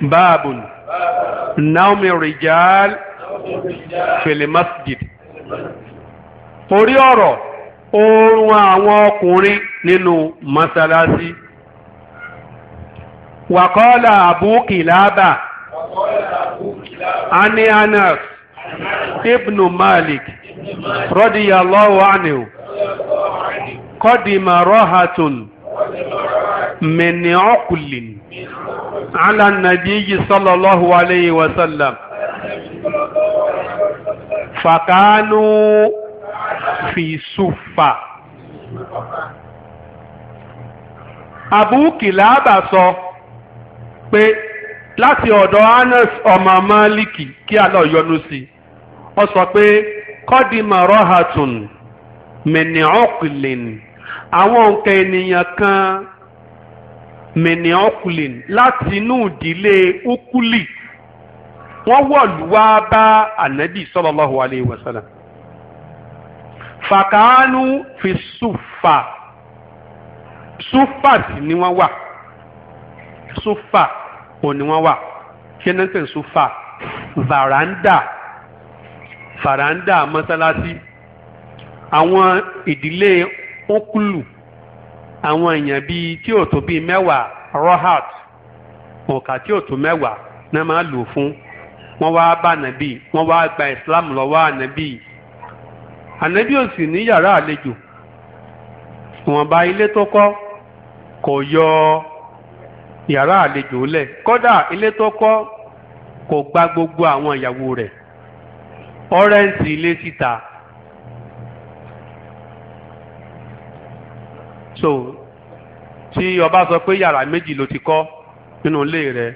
باب نوم الرجال في المسجد orí ọ̀rọ̀ oorun àwọn ọkùnrin nínú mọ́sálásí wàkọ́lá àbúkìláàbà malik rọ́díyàlọ́wọ́ ànìw kọ́dìmọ̀ rọ́hàtún على النبي صلى الله عليه وسلم فكانوا في صفة Abu Kilaba sọ pe láti ọ̀dọ̀ Anas ọmọ Maliki kí Allah yọ́nú sí ó sọ pé kọ́dìmọ̀ rọ́hàtùn mẹ̀nìọ́kùlìn àwọn nǹkan kan mini okulin láti inú ìdílé okuli wọ́n wọ̀lú wá bá ànábì sallallahu alayhi wa sallam fàkàánú fi sùfà sùfà sì ni wọ́n wà sùfà ò ní wọ́n wà kí ni sè sùfà varanda varanda masalasi, àwọn ìdílé okulu. àwọn èèyàn bíi tí ò tó bíi mẹ́wàá rohat òǹkà tí ò tó mẹ́wàá náà máa lò fún wọ́n wá bá nàbí wọ́n wá gba islam lọ́wọ́ ànábì ànábì ò sì ní yàrá àlejò ìwọ̀nba ilé tó kọ́ kò yọ yàrá àlejò lẹ̀ kódà ilé tó kọ́ kò gba gbogbo àwọn ìyàwó rẹ̀ ọ̀rẹ́ǹtì ilé síta. so tí ọba sọ pé yàrá méjì ló ti kọ́ nínú ilé rẹ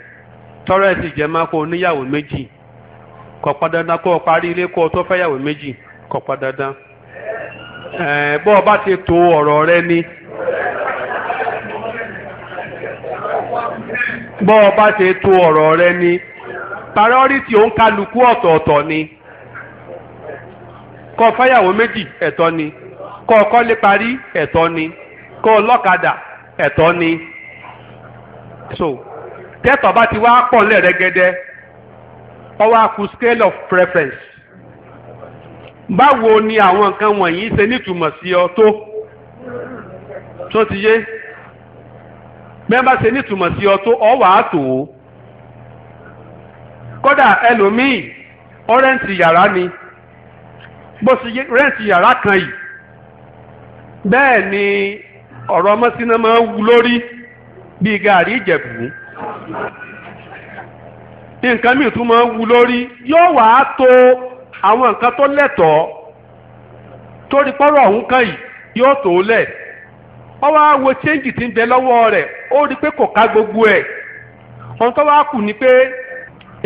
tọ́rẹ́sì jẹ́ máa kó oníyàwó méjì kọ pa dandan kó o parí ilé kó o tó fẹ́yàwó méjì kọ pa dandan bó o bá ti to ọ̀rọ̀ rẹ ni bó o bá ti to ọ̀rọ̀ rẹ ni pàrọ́rìtì òǹkàlùkù ọ̀tọ̀ọ̀tọ̀ ni kọ o fẹ́yàwó méjì ẹ̀tọ́ ni kọ ọkọ kọ́lé parí ẹ̀tọ́ ni. kó o lọ́kadà ẹ̀tọ́ ni so tẹ́tọ̀ bá ti wá pọ̀ nílẹ̀ rẹ́gẹ́dẹ́ ó wá ku scale of preference báwo ni àwọn nǹkan wọ̀nyí ṣe nítumọ̀ sí ọ tó tó ti yé mẹ́mbà ṣe nítumọ̀ sí ọ tó ọ wàá tó o kódà ẹlòmíì ọ rẹ́ǹtì yàrá ni bó ṣe rẹ́ǹtì yàrá kan yìí bẹ́ẹ̀ ni ọ̀rọ̀ ọmọ máa ń wú lórí bíi gàrí ìjẹ̀bù nǹkan míì tún máa ń lórí yóò wá tó àwọn nǹkan tó lẹ́tọ̀ọ́ torí pọ́rọ̀ ọ̀hún kan yìí yóò tó lẹ̀ ọ wá wo chéńjì tí ń bẹ lọ́wọ́ rẹ̀ ó rí i pé kò ká gbogbo ẹ̀ ohun tó wá kù ni pé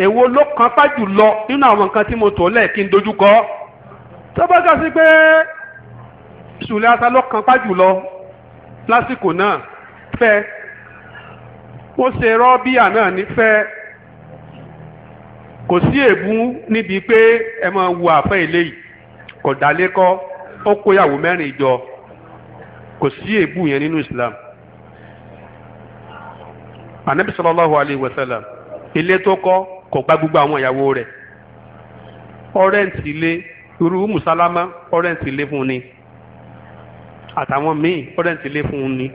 èwo ló kan pá jù lọ nínú àwọn nǹkan tí mo tò lẹ̀ kí n kọ́. tó bá gà sí pé sùlẹ̀ asa ló kan pá jù lọ lásìkò náà fẹ́ wọ́n ṣe rọ́bíà náà ní fẹ́ kò sí èébú níbi pé ẹ máa wo àfẹ́ eléyìí kò dálé kọ́ ó kó ìyàwó mẹ́rin jọ kò sí èébú yẹn nínú Islam anabi sallallahu alayhi wa sallam ilé tó kọ́ kò gba gbogbo àwọn ìyàwó rẹ̀ ọ̀rẹ́ǹtì ilé irú musalama ọ̀rẹ́ǹtì ilé fún ni àtàwọn míì pọ́dẹ̀ǹtì lé fún un ni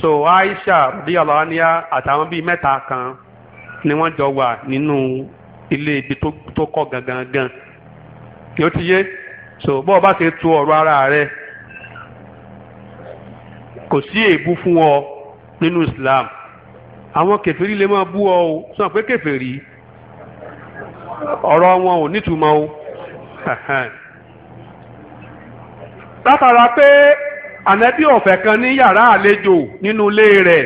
so Aisha radiyallahu anha àtàwọn bíi mẹ́ta kan ni wọ́n jọ wà nínú ilé ibi tó kọ́ gangan gan yóò ti yé so bọ́ ọ bá ti tu ọ̀rọ̀ ara rẹ kò sí èébú fún ọ nínú Islam àwọn kèfèrí lè máa bú ọ o sọ pé kèfèrí ọ̀rọ̀ wọn ò nítumọ̀ o látara pé ànábì ọ̀fẹ́ kan ní yàrá àlejò nínú ilé rẹ̀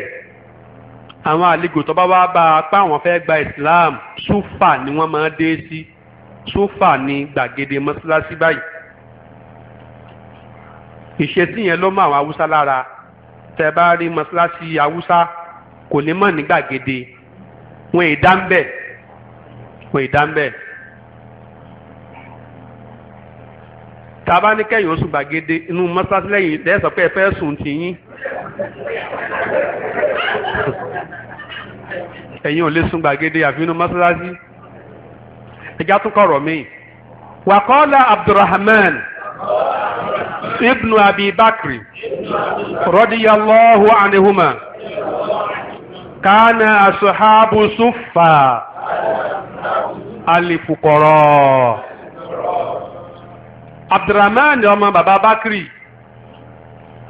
àwọn àlejò tó bá wá bá a pa àwọn fẹ́ gba Islam súfà ni wọ́n máa dé sí súfà ni gbàgede mọ́ṣáláṣí báyìí ìṣesí yẹn ló mọ àwọn haúsá lára tẹ bá rí mọ́ṣáláṣí haúsá kò ní mọ̀ ní gbàgede wọn ì dá ń bẹ̀ wọn ì dá ń bẹ̀. tàbá ní kẹ́yìn oṣù gbàgede inú mọ́sáàsì lẹ́yìn lẹ́sọ̀ pé ẹ fẹ́ sùn tì yín ẹ̀yin ò lè sùn gbàgede àfi inú mọ́sáàsì ẹja tún kọ̀rọ̀ mi. wàkọ́lá abdulrahman ibnu abi bakri rọ́díyàlọ́hu anihuma kánà asuhabu sufa alifukọ̀rọ̀ abdulrahman ọmọ baba bakri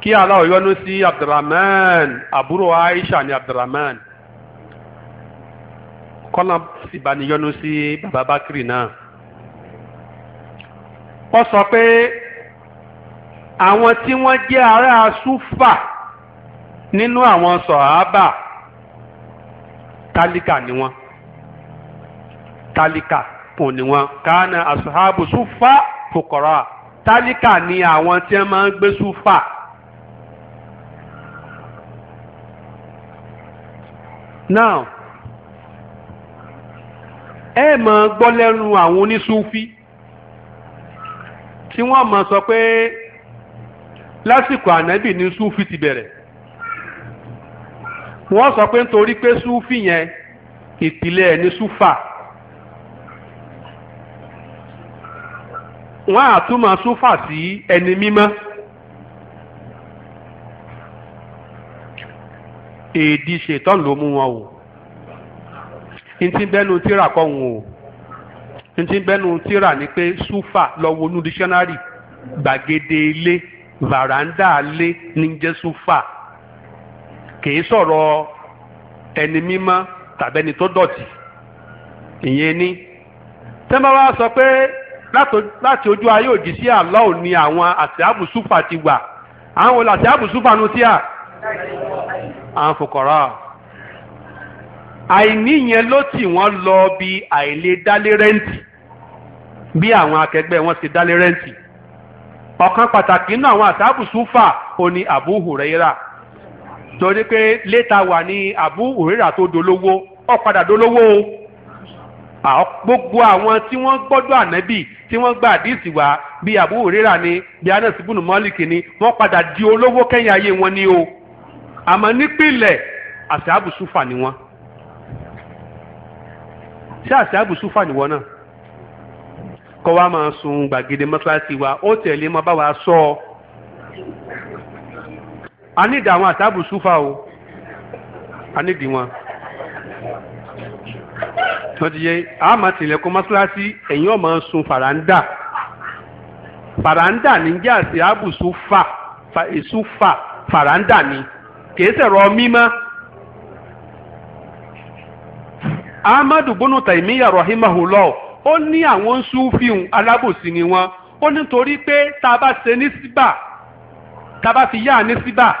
kí Allah yọ́nú sí abdulrahman àbúrò aisha ní abdulrahman kọ́lá sì bá ní yọ́nú sí baba bakri náà ó sọ pé àwọn tí wọ́n jẹ́ ará súfà nínú àwọn sọ̀hábà tálíkà ni wọ́n tálíkà pọ̀ ni wọ́n kánà asuhabu súfà fukọrọ tálíkà ni àwọn tí wọ́n máa ń gbé súfà. now ẹ máa gbọ́ lẹ́nu àwọn onísúfí tí wọ́n máa sọ pé lásìkò ànábì ni súfì ti bẹ̀rẹ̀ wọ́n sọ pé nítorí pé súfì yẹn ìpìlẹ̀ ni súfà wọ́n á tún máa súnfà sí ẹni mímọ́. èdè ṣètọ́n ló mú wọn o ntí bẹ́nu tíra kọ́ wọn o ntí bẹ́nu tíra ni pé súfà lọ́wọ́ nú dictionary gbàgede ilé varanda ilé ní jẹ́ súfà kìí sọ̀rọ̀ ẹni mímọ́ tàbẹ́ni tó dọ̀tí ìyẹn ni tẹ́ńbà wá sọ pé láti ojú ayé òjì sí àlọ́ ni àwọn àtìábù súfà ti wà àwọn olè àtìábù súfà nu sí à àwọn fòkọ̀rọ̀ àìní yẹn ló tì wọ́n lọ bí àìlè dálé rẹ́ǹtì bí àwọn akẹgbẹ́ wọn ti dálé rẹ́ǹtì ọ̀kan pàtàkì nínú àwọn àtìábù súfà ò ní Abu torí pé létà wà ní Abu tó dolówó ó padà dolówó o. gbogbo àwọn tí wọ́n gbọ́dọ̀ ànábì tí wọ́n gba àdíìsì wá bíi Abu Hurairah ni bíi Anas ibn Malik ni wọ́n padà di olówó kẹ́yìn ayé wọn ni o àmọ́ nípìnlẹ̀ àṣàbù súfà ni wọ́n ṣé àṣàbù súfà ni wọ́n náà kọ́ wa máa sun gbàgede mọ́tíláṣí wa ó tẹ̀lé máa bá wa sọ ọ́ a nídìí àwọn àṣàbù o a nídìí wọn. tó a máa tilẹ̀kùn mọ́ṣáláṣí ẹ̀yin ọ̀ máa sun fàràǹdà fàràǹdà ní jẹ́ àti fà èsù ni kì í sẹ̀rọ ahmadu bunu rahimahulọ ó ní àwọn ni wọn ó nítorí pé tá a bá ṣe ní síbà tá a bá fi yá ní síbà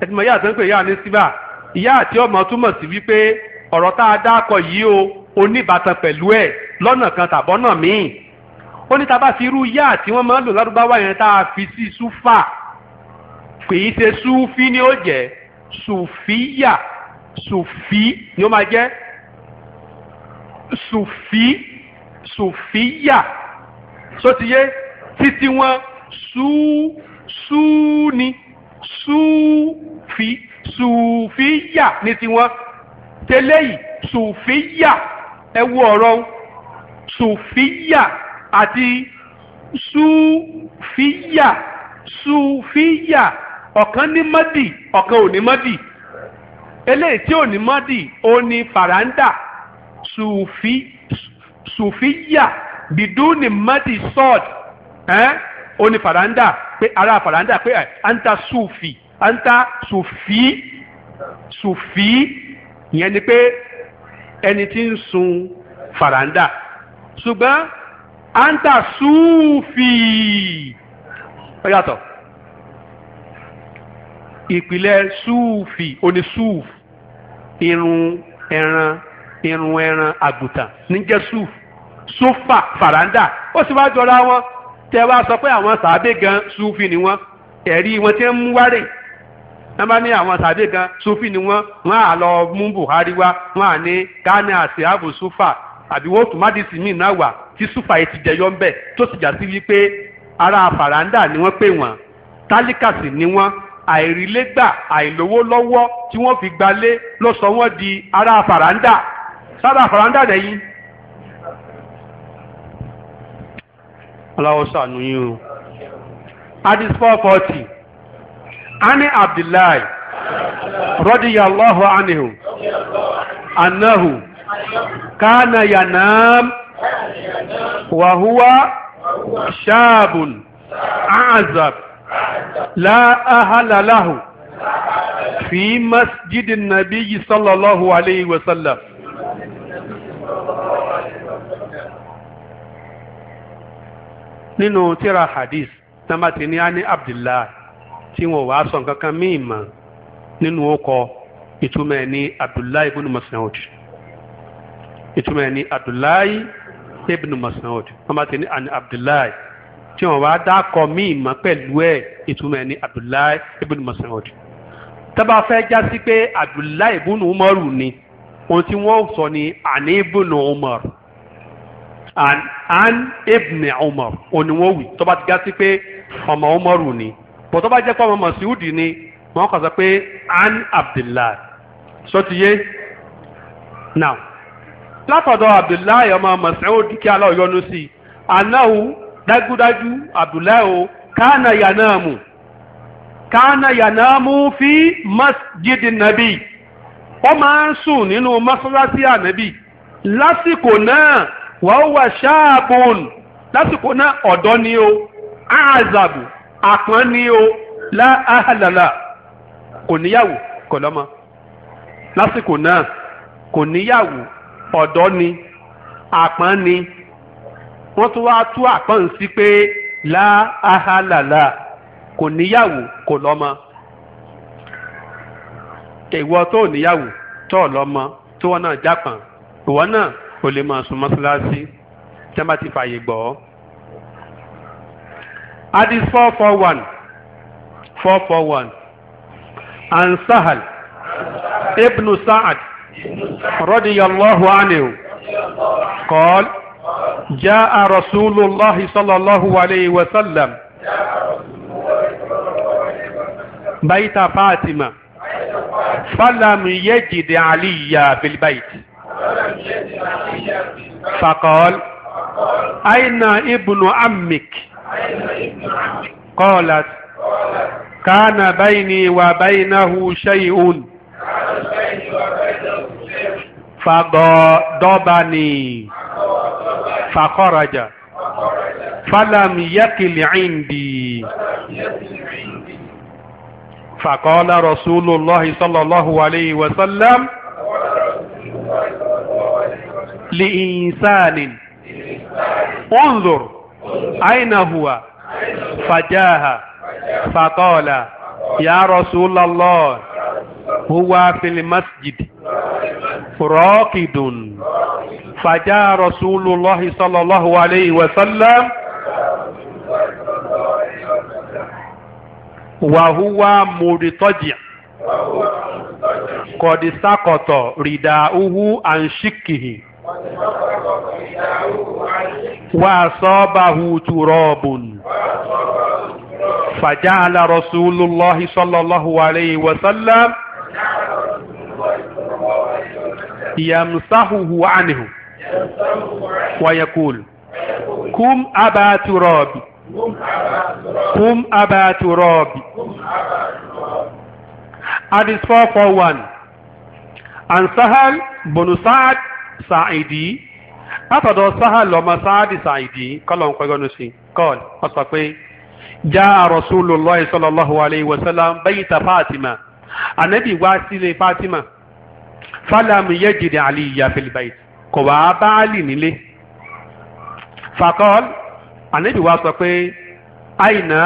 ẹtùmọ̀ yá ìyá àti ọ̀rọ̀ tá a dákọ̀ yìí o oníbàtàn pẹ̀lú ẹ̀ lọ́nà kan tàbọ́nà míì ó ní tá bá fi irú yá tí wọ́n máa ń lò lárúbáwá yẹn tá a fi sí súfà kì í ṣe súfí ni ó jẹ́ sùfíyà sùfí ni ó máa jẹ́ sùfí sùfíyà sótìyé títí wọn sú sú ni súfí sùfíyà ní tiwọn tẹ́lẹ̀yì sùfíyà ẹ wo ọ̀rọ̀ sùfíyà àti sùfíyà sùfíyà ọ̀kan ní mọ́dì ọ̀kan ò ní mọ́dì eléyìí tí ò ní mọ́dì ó ní fàràǹdà sùfí sùfíyà bìdúùnì mọ́dì sọ́ọ̀d ó ní fàràǹdà pé ara fàràǹdà pé àǹtà sùfì àǹtà sùfì sùfì ìyẹn ni pé ẹni tí ń sun fàràǹdà ṣùgbọ́n àǹtà súùfì ó yàtọ̀ ìpìlẹ̀ súùfì oní súùf irun ẹran irun ẹran àgùntàn níjẹ́ súùf sófà fàràǹdà ó sì wá jọra wọn tẹ wá sọ pé àwọn sàábé gan súùfì ni wọn ẹ̀rí wọn ti ń mú wárè ẹ bá ní àwọn tàbí kan sufi ni wọ́n wọ́n á lọ mú Buhari wá wọ́n á ní kánà àti ààbò sufa àbí wọ́n tòmátìsì míì náà wà tí sufa yìí ti jẹyọ ń bẹ̀ tó sì já wípé ará faranda ni wọ́n pè wọ́n tálíkàsì ni wọ́n àìrílégbà àìlówó lọ́wọ́ tí wọ́n fi gbalé ló sọ wọ́n di ara faranda sára faranda lẹ́yìn. aláwọ̀ sànú yín o. adis four forty. عن عبد الله رضي الله عنه أنه كان ينام وهو شاب أعزب لا أهل له في مسجد النبي صلى الله عليه وسلم nínú ترى حديث tamati عبد الله tí wọn ò wá sọ nǹkan kan míì mọ́ nínú ọkọ ìtumọ̀ ẹ̀ ní abdullahi ibn mas'ud ìtumọ̀ ẹ̀ ní abdullahi ibn mas'ud wọ́n bá ti ní an abdullahi tí wọn wá dákọ míì mọ́ pẹ̀lú ẹ̀ ìtumọ̀ ẹ̀ ní abdullahi ibn mas'ud tábà fẹ́ já pé abdullahi ibn umaru ni ohun tí wọ́n sọ ní ani ibn umar an ibn umar òun ni wọ́n wí tó bá ti já pé ọmọ umaru ni bọ̀tọ́ bá jẹ́ pé ọmọ mọ̀síwúdì ni wọ́n kàn sọ pé an abdullahi sọtiyé now látọ̀dọ̀ abdullahi ọmọ mọ̀síwúdì kí aláwọ̀ yọ́nú sí i anáwó dájúdájú abdullahi o kánà yanamu kánà yanamu fi masjid nabi ó máa ń sùn nínú mọ́sálásí ànábì lásìkò náà wàá wà ṣáàbùn lásìkò náà ọ̀dọ́ ni o àzàbù àpọ́n ni o lá àhàlàlà kò níyàwó kò lọ́mọ lásìkò náà kò níyàwó ọ̀dọ́ ni àpọ́n ni wọ́n tún wá tú àpọ́n sí pé lá àhàlàlà kò níyàwó kò lọ́mọ ìwọ tó níyàwó tó lọ́mọ tí wọ́n náà jápọ̀n ìwọ náà ò lè máa sùn mọ́ṣáláṣí tí wọ́n bá ti fààyè gbọ́ ọ́. hadith 441. 441 one four four one عن سهل ابن سعد رضي الله عنه قال جاء رسول الله صلى الله عليه وسلم بيت فاطمة فلم يجد عليا في البيت فقال أين ابن عمك قالت كان بيني وبينه شيء فغضبني فخرج فلم يقل عندي فقال رسول الله صلى الله عليه وسلم لإنسان انظر أين هو فجاه فقال يا رسول الله هو في المسجد راقد فجاء رسول الله صلى الله عليه وسلم وهو مرتجع قد سقط رداؤه عن شكه وأصابه تراب فجعل رسول الله صلى الله عليه وسلم يمسحه عنه ويقول كم أبا تراب كم أبا تراب حديث 441 عن سهل بن سعد سعيدي látọ̀dọ̀ sahal ọmọ sáádì sàìdì kọ́lọ̀ ń sí pé já Rasulullahi sallallahu alayhi wa sallam bayta Fatima ànábì wá sílé Fatima fálàmù yajid Aliyya fil bayt kò wá bá Àlì nílé sọ pé àyìnà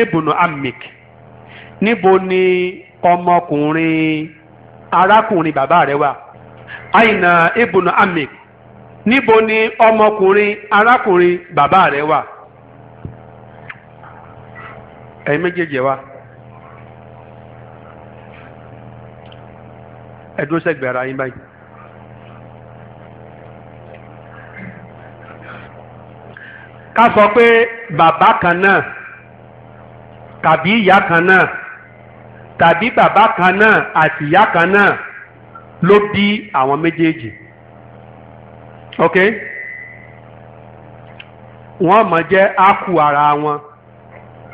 ebunu amik níbo ni ọmọkùnrin arákùnrin bàbá rẹ àyìnà níbo ni ọmọkùnrin arákùnrin bàbá rẹ wà ẹ̀yin méjèèjì wa ẹ dúró sẹ́gbẹ̀ẹ́ báyìí. ká sọ pé bàbá kan náà tàbí ìyá kan náà tàbí bàbá kan náà àti ìyá kan náà ló bí àwọn méjèèjì. ok wọ́n mọ̀ jẹ́ ákù ara wọn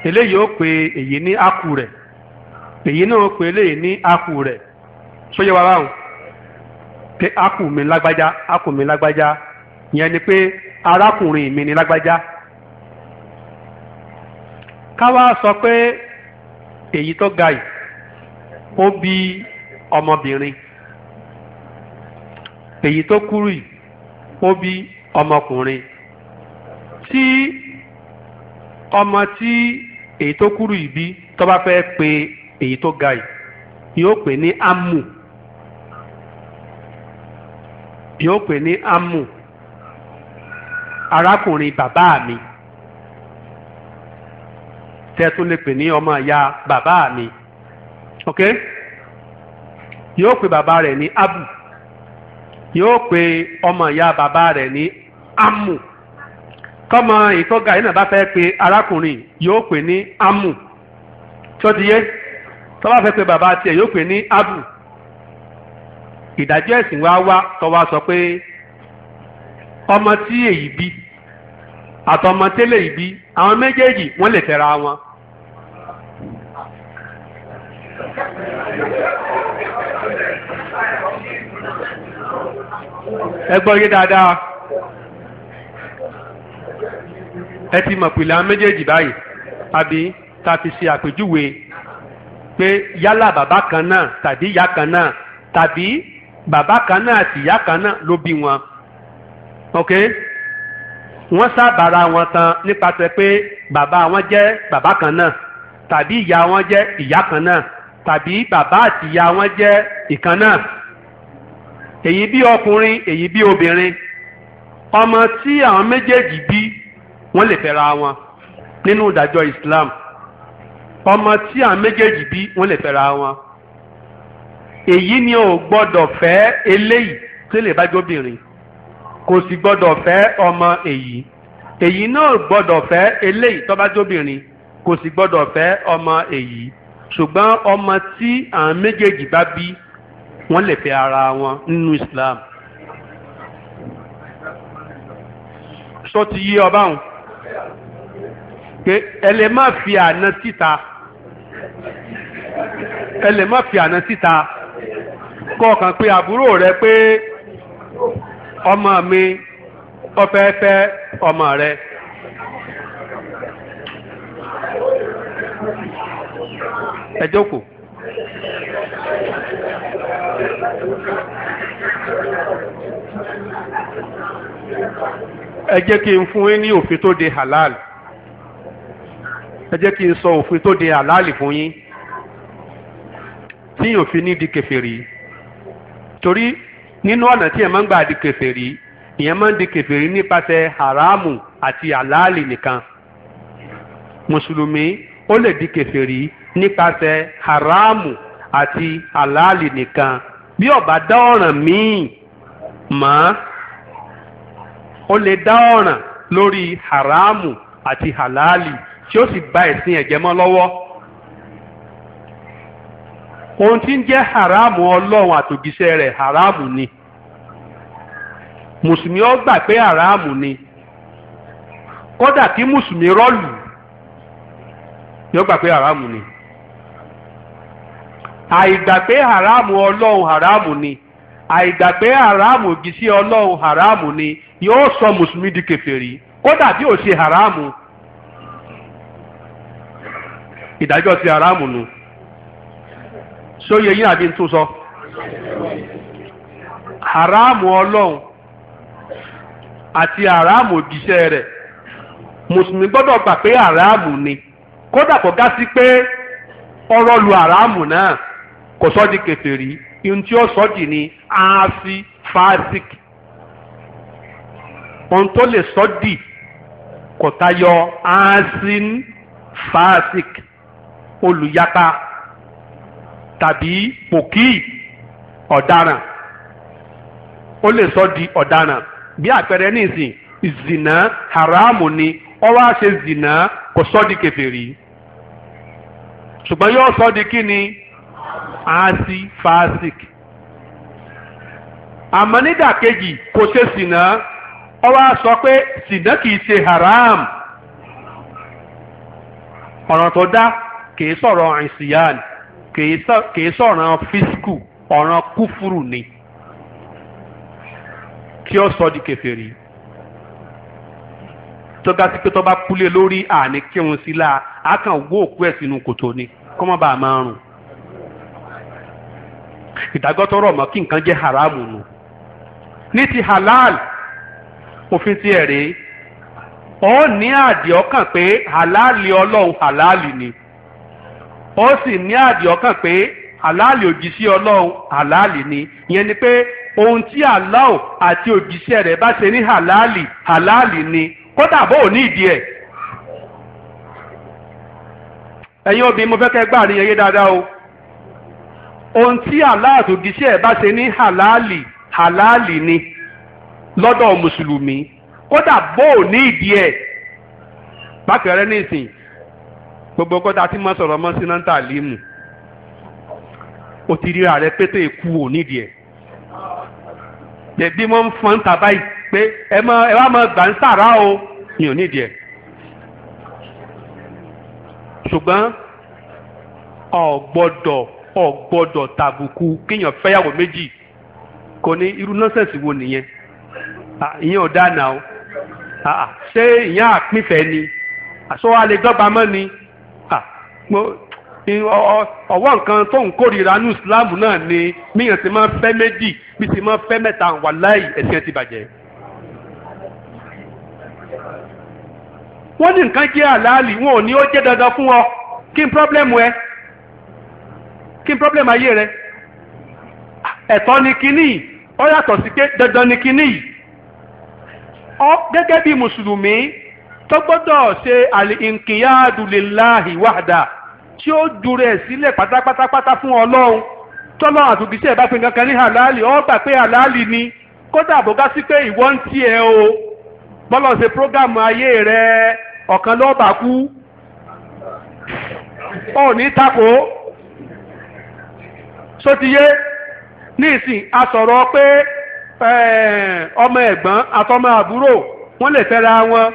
eléyìí ó pe èyí ní ákù rẹ̀ èyí náà ó pe eléyìí ní ákù rẹ̀ sóyè wa báwọn pé ákù mi lágbájá ákù mi lágbájá yẹn ni pé arákùnrin mi ni lágbájá káwá sọ pé èyí tó ga yìí ó bí ọmọbìnrin èyí tó kúrú yìí ó bí ọmọkùnrin tí ọmọ tí èyí tó kúrú yìí bí tó bá fẹ́ pe èyí tó ga yìí yóò pè ní amú yóò pè ní amú arákùnrin bàbá mi tẹ́tún lè pè ní ọmọ ìyá bàbá mi ok yóò pè bàbá rẹ̀ ní abu. yóò pe ọmọ ìyá bàbá rẹ̀ ní amu tọmọ ìtọ́ga yìí náà bá fẹ́ pe arákùnrin yóò pè ní amu tó ti fẹ́ pe bàbá tiẹ̀ yóò pè ní abu ìdájọ́ wa wá sọ pé ọmọ tí èyí bí àtọmọ tẹ́lẹ̀ yìí bí àwọn méjèèjì wọ́n lè wọn ẹ gbọ́ yé dáadáa ẹ ti mọ̀ pìlà méjèèjì báyìí àbí ta fi ṣe àpèjúwe pé yálà bàbá kan náà tàbí ìyá kan náà tàbí bàbá kan náà àti ìyá kan náà ló bí wọn ok wọ́n sábàra wọn tán nípasẹ̀ pé bàbá wọn jẹ́ bàbá kan náà tàbí ìyá wọn jẹ́ ìyá kan náà tàbí bàbá àti ìyá wọn jẹ́ ìkan náà èyí bí ọkùnrin èyí bí obìnrin ọmọ tí àwọn méjèèjì bí wọ́n lè fẹ́ra wọn nínú ìdájọ́ Islam ọmọ tí àwọn méjèèjì bí wọ́n lè fẹ́ra wọn èyí ni ò gbọ́dọ̀ fẹ́ eléyìí tó lè bá jóbìnrin kò sì gbọ́dọ̀ fẹ́ ọmọ èyí èyí náà gbọ́dọ̀ fẹ́ eléyìí tó bá jóbìnrin kò sì gbọ́dọ̀ fẹ́ ọmọ èyí ṣùgbọ́n ọmọ tí àwọn méjèèjì bá bí wọ́n lè fẹ́ ara wọn nínú Islam. sọ ti yí ọba hàn pé ẹ lè má fi àná síta ẹ lè má fi àná síta kọ̀ọ̀kan pé àbúrò rẹ pé ọmọ mi ọfẹ́ fẹ́ ọmọ rẹ. ẹ jókòó ẹ jẹ́ kí n fún yín ní òfin tó de halal ẹ jẹ́ kí n sọ òfin tó de halal fún yín tí yóò fi ní di kèfèrí torí nínú ọ̀nà tí ẹ máa ń gbà di kèfèrí ìyẹn máa ń di kèfèrí nípasẹ̀ haramu àti halal nìkan mùsùlùmí ó lè di kèfèrí nípasẹ̀ haramu àti halal nìkan. bí ọba dá ọ̀ràn míì mọ́ o lè dá ọ̀ràn lórí haramu àti halali tí ó sì bà ẹ̀sìn ẹ̀jẹ̀ mọ́ lọ́wọ́ ohun tí ń jẹ́ haramu ọlọ́run àtògìṣẹ́ rẹ haramu ni mùsùlùmí ó gbà pé haramu ni kódà kí mùsùlùmí rọ́ọ̀lù ni ó gbà pé haramu ni. àìgbà pé haramu ọlọ́run haramu ni àìgbà pé haramu gisi ọlọ́run haramu ni yóò sọ mùsùlùmí di kèfèrí kódà bí ò ṣe haramu ìdájọ́ ti haramu nu sóye yín àbí tún sọ haramu ọlọ́run àti haramu òjíṣẹ́ rẹ̀ mùsùlùmí gbọ́dọ̀ gbà pé haramu ni kódà kò gá sí pé ọ̀rọ̀ lu haramu náà. kò sọ di kèfèrí ihun tí ó sọ di ni aasi fasik ohun tó lè sọ di kò tayọ aasin fasik olùyapa tàbí pòkì ọ̀daràn ó lè sọ di ọ̀daràn bí àpẹẹrẹ nísìn ìzìnà haramu ni ó wá ṣe zìnà kò sọ di kèfèrí ṣùgbọ́n yóò sọ di kí ni. àásí fasik amanida nídàkejì kò ṣe sìnà ó wá sọ pé sìnà kìí ṣe haram ọ̀ràn tó dá kìí sọ̀rọ̀ ìsìyàn kìí sọ̀rọ̀ físíkù ọ̀ràn kúfúrú ni kí ó sọ di kèfèrí tó ga sí pé tó bá kúlé lórí àní kírun sí la a kàn wó òkú ẹ̀ sínú kòtò ni kó má bàa máa rùn. ìdájọ́ tó rọ̀ mọ́ kí nǹkan jẹ́ haramu nù ní ti halal òfin ti ẹ̀ rèé ó ní àdì ọkàn pé halali ọlọ́run halali ni ó sì ní àdì ọkàn pé halali òjíṣẹ́ ọlọ́run halali ni ìyẹn ni pé ohun tí Allah àti òjíṣẹ́ rẹ̀ bá ṣe ní halali halali ni kódà bó ò ní ìdí ẹ̀ ẹ̀yin obìnrin mo fẹ́ kẹ́ gbà ní ẹyẹ dáadáa o ohun tí Allah àtòjíṣẹ́ ẹ̀ bá ṣe ní halali halali ni lọ́dọ̀ mùsùlùmí kódà bó ò ní ìdí ẹ̀ bákẹ́rẹ́ ní ìsìn gbogbo kọ́ta tí mo sọ̀rọ̀ mọ́ sí náà ń tà límù ó ti ríra rẹ pété ikú ò ní ìdí ẹ̀ tẹ̀bí mo ń fọ́n ta báyìí pé ẹ mọ ẹ wá mọ gbà ń sàrà o mi ò ní ìdí ẹ̀ ṣùgbọ́n ọ̀ gbọ́dọ̀ ọ gbọ́dọ̀ tàbùkù kéèyàn fẹ́yàwó méjì kò ní irú nọ́sẹ̀sì wo nìyẹn ìyẹn ò dáa náà o ṣé ìyẹn àpínfẹ́ ni àṣọwọ́ alẹ́ dọ́gba mọ́ ni ọwọ́ nǹkan tó ń kórìíra ní Islam náà ni míyàn ti máa fẹ́ méjì bí ti máa fẹ́ mẹ́ta wàláì ẹ̀sìn ẹ̀ ti bàjẹ́. wọ́n ní nǹkan jẹ́ àlàálì wọn ò ní ó jẹ́ dandan fún ọ kí n pírọ́blẹ́mù ẹ kí ni problem ayé rẹ ẹ̀tọ́ ni kíní ọ yàtọ̀ sí pé dandan ni kíní ọ gẹ́gẹ́ bí mùsùlùmí tó gbọ́dọ̀ ṣe àlìkìyàdùlélàhì wàdà tí ó ju rẹ̀ sílẹ̀ pátápátápátá fún ọlọ́run tọ́lọ́ àtúgbìsẹ́ bá fi kankan ní halali ọ gbà pé halali ni kódà bó gá sí pé ìwọ ń tiẹ̀ o bọ́lọ̀ ṣe prógámù ayé rẹ ọ̀kan lọ́ọ́ bá kú ní tako. sotiye ní asọ̀rọ̀ pé eh, ọmọ ẹ̀gbọ́n àtọmọ àbúrò wọ́n lè fẹ́ra wọn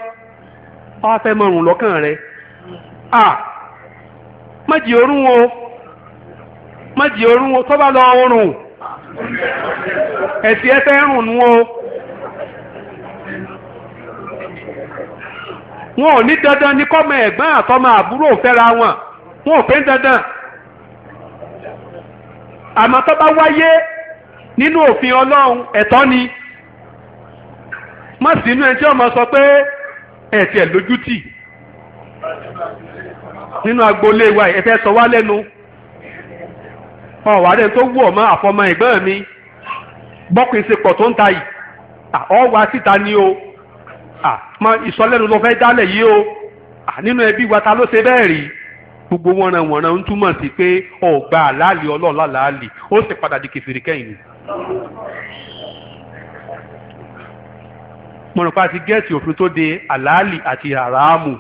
wọ́n fẹ́ lọ́kàn rẹ̀ à mọ̀jì orún o orún o tó bá lọ ẹ̀sì ẹ o wọn ò ní dandan ní kọ́mọ ẹ̀gbọ́n àtọmọ àbúrò fẹ́ra wọn wọn ò fẹ́ dandan. àmọ́ tó bá wáyé nínú òfin ọlọ́run ẹ̀tọ́ ni má sínú ẹni tí ọmọ sọ pé ẹ̀tì ẹ̀ lójútì. nínú agboolé wa ẹ fẹ́ sọ wá lẹ́nu ọ̀wá rẹ̀ tó wù ọ́ mọ́ ẹ̀gbọ́n mi bọ́kùn ṣe pọ̀ tó ń ta yìí ọ̀wá síta ni o mọ ìsọlẹ́nu ló fẹ́ dálẹ̀ yìí o nínú ẹbí wa ta ló ṣe bẹ́ẹ̀ rí gbogbo wọn ràn wọn ràn ń túmọ̀ sí pé ọ̀gbà àlàálì ọlọ́ọ̀lá làálì ó sì padà di kẹfìrí kẹ́yìn ni. mo rò pé a ti gẹ́ẹ̀tì òfin tó de àlàálì àti àràámù.